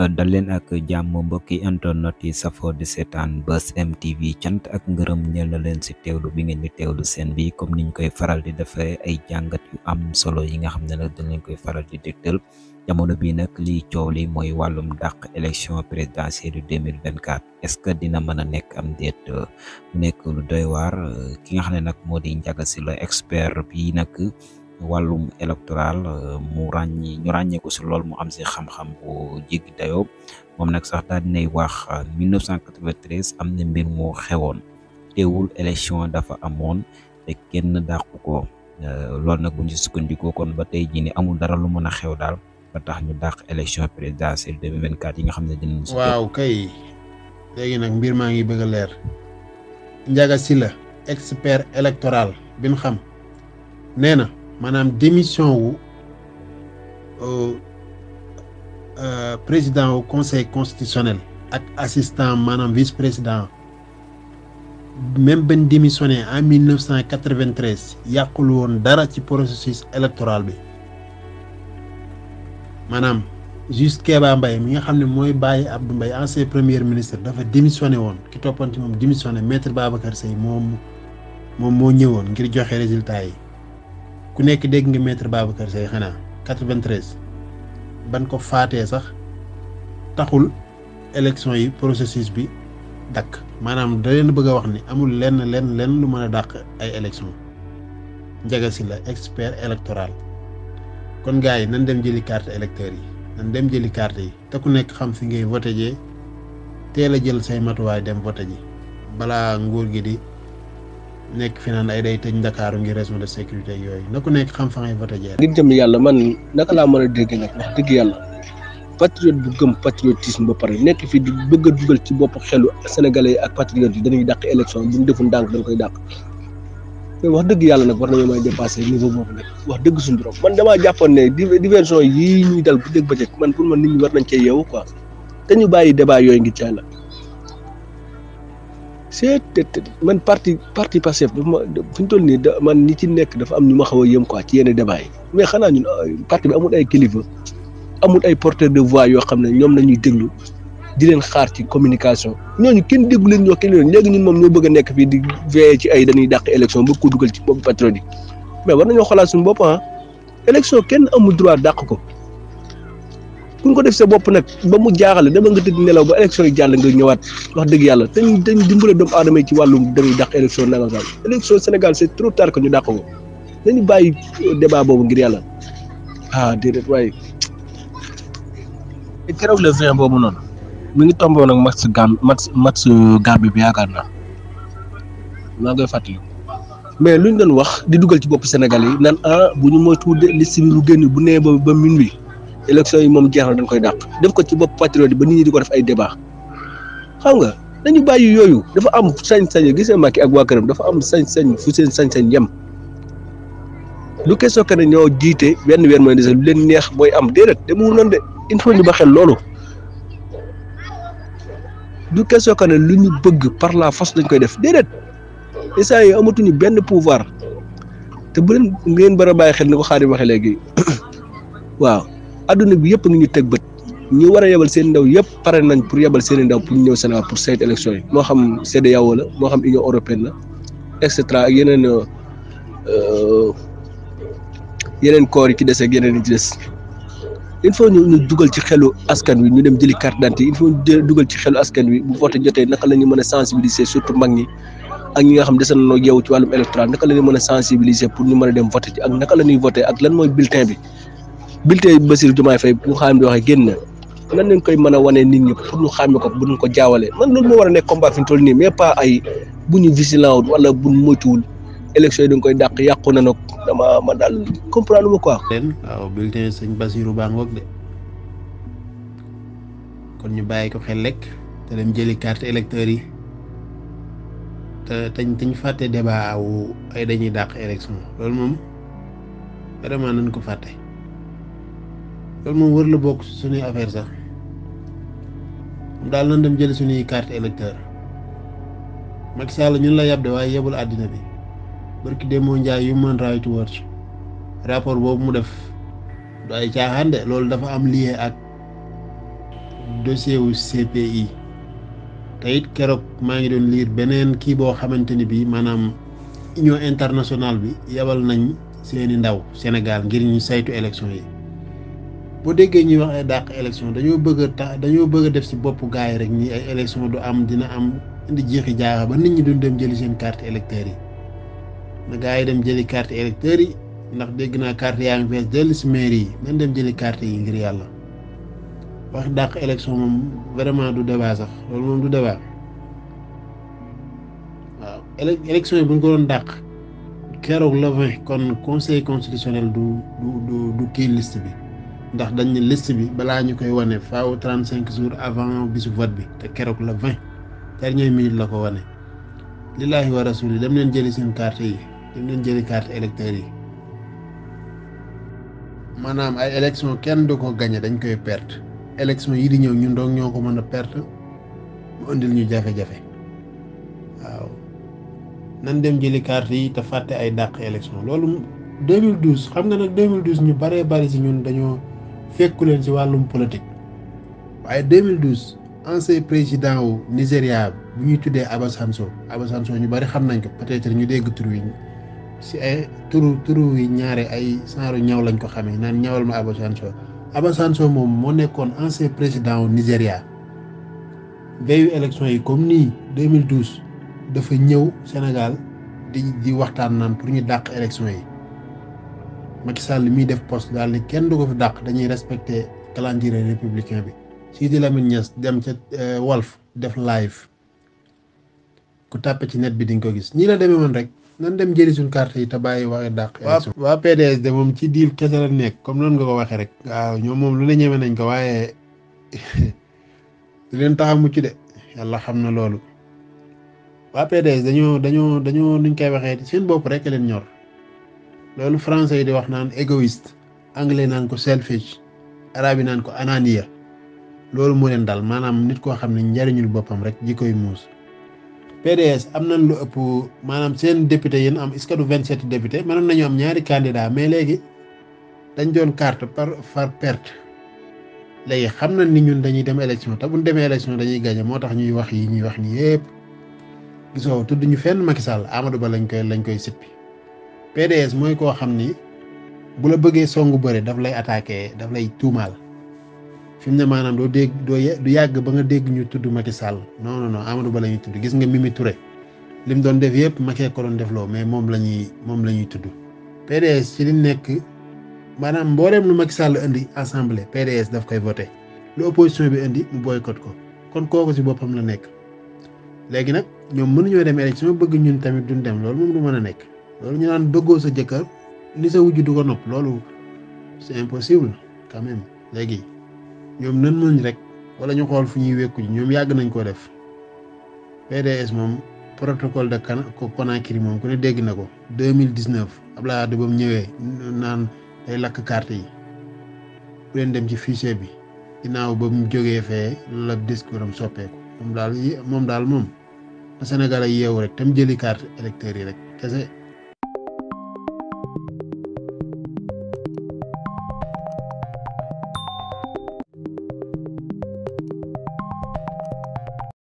Euh, dal leen ak jàmm mbokki internet yi safoo di seetaan Buzz M TV cant ak ngërëm ñeel na leen si teewlu bi ngeen bi di lu seen bi comme niñ koy faral di defee ay jàngat yu am solo yi nga xam ne nag dañ leen koy faral di dégtal jamono bi nag li coow li mooy wàllum dàq élection présidentielle 2024 est-ce que dina mën a nekk am déet euh, mu nekk lu doy waar euh, ki nga xam ne nag moo di njaga si la expert bi nag Walum electoral eh, mu ràññi ñu ragne ko ci lool mu am ci xam-xam bu jéggi dayo mom nak sax da ney wax 1993 eh, am na mbir mo xewon teewul election dafa amone te kenn daq ko lol nak bu ñu ko kon ba tay jii ni amul dara lu mën xew dal ba tax ñu daq election presidentielle 2024 yi nga xamne dañu dinañ. waaw kay legi nak mbir ma ngi bëgg leer Ndiaga sila expert electoral bin xam Madame démission au euh, président au conseil constitutionnel et assistant madame vice président même ben démissionné en 1993 y a dara ci processus électoral bi jusqu'à juste Kéba mbay mi nga xamné moy baye Abdou ancien premier ministre dafa démissionné won ki toppanti mom démissionné maître Babacar sey mom mom mo ñëwoon ngir joxe résultat yi. ku nekk dégg nga maître Babacar Seye xanaa 93 ban ko faatee sax taxul élection yi processus bi dakk maanaam da leen bëgg a wax ni amul lenn lenn lenn lu mën a dàq ay élection si la expert électoral kon gars yi nan dem jëli carte électeur yi nan dem jëli carte yi te ku nekk xam fi ngay voté jee teel a jël say matuwaay dem voté ji balaa nguur gi di nekk fi naan ay day tëj ndakaaru ngir raison de sécurité yooyu na ku nekk xam-xam yi voté jeex. ngir jëm yàlla man naka laa mën a dégg nag wax dëgg yàlla patriote bu gëm patriotisme ba pare nekk fi di bëgg a dugal ci bopp xelu sénégalais yi ak patriote yi dañuy dàq élection bu ñu defoon ndànk dañ koy dàq te wax dëgg yàlla nag war nañoo may dépassé niveau boobu nag wax dëgg suñu borom man damaa jàppoon ne diversion yii ñuy dal bu dégg ba man pour man nit ñi nañ cee yeewu quoi te ñu bàyyi yooyu ngi caay la c'est man parti parti Pastef dafa ma fi ñu toll nii da man ñi ci nekk dafa am ñu ma xaw a yëm quoi ci yenn débat mais xanaa ñun euh, parti bi amul ay kilifa amul ay porteurs de voix yoo xam ne ñoom la ñuy déglu di leen xaar ci communication ñooñu kenn déggu leen ñoo kenn leen léegi ñun moom ñoo bëgg a nekk fii di veiller ci ay dañuy dàq élection ba ko dugal ci boobu patriote yi mais war nañoo xoolaat suñu bopp ah élection kenn amul droit dàq ko. kuñ ko def sa bopp nag ba mu jaaxale dama nga tëdd nelaw ba élection yi jàll nga ñëwaat wax dëgg yàlla te dañ dimbale doomu aadama yi ci wàllum dañuy dàq élection nanga sax élection sénégal c'est trop tard que ñu dàq ko nañu bàyyi débat boobu ngir yàlla ah déedéet waaye keroog le vin boobu noonu mi ngi tombo nag match gam match match gambi bi yaakaar naa maa ngi koy fàttaliku mais luñ doon wax di dugal ci bopp sénégal yi nan ah bu ñu moytu liste bi lu génn bu nee ba ba minuit élection yi moom jeex na dañ koy dàq def ko ci bopp patriote ba nit ñi di ko def ay débat xam nga dañu bàyyi yooyu dafa am sañ-sañ gisee Macky ak waa këram dafa am sañ-sañ fu seen sañ-sañ yem lu question que ne ñoo jiite benn weer mooy des lu leen neex mooy am déedéet demul noonu de il faut ñu ba xel loolu du question que ne lu ñu bëgg par la force dañ koy def déedéet instant yi amatuñu benn pouvoir te bu leen ngeen bara bàyyi xel ni ko xaari waxe léegi waaw adduna bi yëpp ngi ñu teg bët ñu war a yebal seen ndaw yëpp pare nañ pour yebal seen ndaw pour ñëw Sénégal pour saytu élection yi moo xam CEDEAO la moo xam Union européenne la et cetera ak yeneen euh, yeneen koor yi ci des ak yeneen yi ci des il faut ñu dugal ci xelu askan wi ñu dem jëli carte d'identité il faut ñu dugal ci xelu askan wi bu vote jotee naka la ñu mën a sensibiliser surtout mag ñi ak ñi nga xam des nañoo yeewu ci wàllum électoral naka la ñu mën a sensibiliser pour ñu mën a dem vote ci ak naka la ñuy voté ak lan mooy bulletin bi. bulletin Bassirou Diomaye Faye bu xam ne waxee génn nan koy mën a wane nit ñi pour ñu xàmme ko bu ñu ko jaawalee man loolu moo war a nekk combat fi ñu toll nii mais pas ay bu ñu vigilant wala bu ñu moytuwul élection dañ koy dàq yàqu na nag dama man ma quoi. leen waaw bulletin sëñ Bassirou baa ngoog de kon ñu bàyyi ko xel rek te dem jëli carte électeur yi te tañ tañ fàtte débat wu ay dañuy dàq élection loolu moom vraiment nañ ko fàtte. loolu moom wër la bokk suñuy affaire sax daal nañ dem jëli suñuy carte électeur Macky Sall ñun la yab de waaye yebul àddina bi barki demoo Ndiaye Human Rights Watch rapport boobu mu def du ay caaxaan loolu dafa am lien ak dossier wu CPI te keroog maa ngi doon liir beneen kii boo xamante ni bii maanaam union internationale bi yebal nañ seeni ndaw Sénégal ngir ñu saytu élection yi. boo déggee ñuy wax ay dàq élection dañoo bëgg a ta dañoo bëgg a def ci boppu gaay rek nii ay élection du am dina am indi jeexi jaaxa ba nit ñi duñ dem jëli seen carte électeur yi na gars yi dem jëli carte électeur yi ndax dégg naa carte yaa ngi fees dell ci mairie yi nañ dem jëli carte yi ngir yàlla wax dàq élection moom vraiment du débat sax loolu moom du débat waaw élec élection yi bu ko doon dàq keroog la vingt kon conseil constitutionnel du du du du kii liste bi. ndax dañ ne liste bi balaa ñu koy wane faaw 35 jours avant bisu vote bi te keroog la 20 dernier minute la ko wane. lillaahi wa rasuli dem leen jëli seen carte yi dem leen jëli carte électeur yi maanaam ay élection kenn du ko gañe dañ koy perte élection yi di ñëw ñun doog ñoo ko mën a perte mu indil ñu jafe-jafe waaw nan dem jëli carte yi te fàtte ay dàq élection loolu 2012 xam nga nag 2012 ñu baree bari si ñun dañoo fekku leen ci wàllum politique waaye 2012 ancien président wu Nigéria bu ñuy tuddee Obasanjo Obasanjo ñu bari xam nañ ko peut-être ñu dégg tur wi ci ay turu turu yi ñaare ay senro ñaw lañ ko xamee naan ñawal ma Obasanjo Obasanjo moom moo nekkoon ancien président wu Nigéria veillu élection yi comme nii 2012 dafa ñëw Sénégal di di waxtaan naan pour ñu dàq élection yi. Macky Sall li muy def poste daal ni kenn du ko fi dàq dañuy respecté calendrier républicain bi Sidi Lamine Niass dem ca euh, Walf def live ku tàppe ci net bi di ko gis ñii la demee woon rek nan dem jëli suñ carte yi te bàyyi waxi dàq waa PDS de moom ci diil kese la nekk comme noonu nga ko waxee rek waaw ñoom moom lu ne ñeme nañ ko waaye du leen tax a de yàlla xam na loolu waa PDS dañoo dañoo dañu nuñ koy waxee seen bopp rek leen ñor loolu français yi di wax naan égoïste anglais naan ko selfish arabe yi naan ko anania loolu moo leen dal maanaam nit koo xam ne njariñul boppam rek ji koy muus PDS am nañ lu ëpp maanaam seen député yéen am est-ce que du 27 député nañu am ñaari candidat mais léegi dañ doon carte par par perte léegi xam na ni ñun dañuy dem élection te bu ñu demee élection dañuy gagné moo tax ñuy wax yi ñuy wax ni yëpp gisoo tudd ñu fenn Macky Sall Amadou Ba lañ koy lañ koy sippi PDS mooy koo xam ni bu la bëggee songu bëre daf lay attaqué daf lay tuumaal fi mu ne maanaam doo dégg doo du yàgg ba nga dégg ñu tudd Macky Sall noonu non non Ba la ñuy tudd gis nga Mimi ture li mu doon def yëpp Macky ko doon def mais moom la ñuy moom la ñuy tudd PDS ci li nekk maanaam mbooleem lu Macky Sall indi assemblée PDS daf koy voté lu opposition bi indi mu boycott ko kon kooku si boppam la nekk léegi nag ñoom mënuñoo dem élection bëgg ñun tamit duñ dem loolu moom du mën a nekk. loolu ñu naan bëggoo sa jëkkër ni sa wujju du ko nopp loolu c'est impossible quand même léegi ñoom nan nañ rek wala ñu xool fu ñuy wékku ji ñoom yàgg nañ koo def PDS moom protocole de ko Conakry moom ku ne dégg na ko deux mille dix neuf Abdoulaye Wade ba mu ñëwee naan day lakk carte yi bu leen dem ci fichier bi ginnaaw ba mu jógee fee la discours am soppeeku moom daal moom daal moom Sénégal ay yeewu rek tam jëli carte électeurs yi rek kese.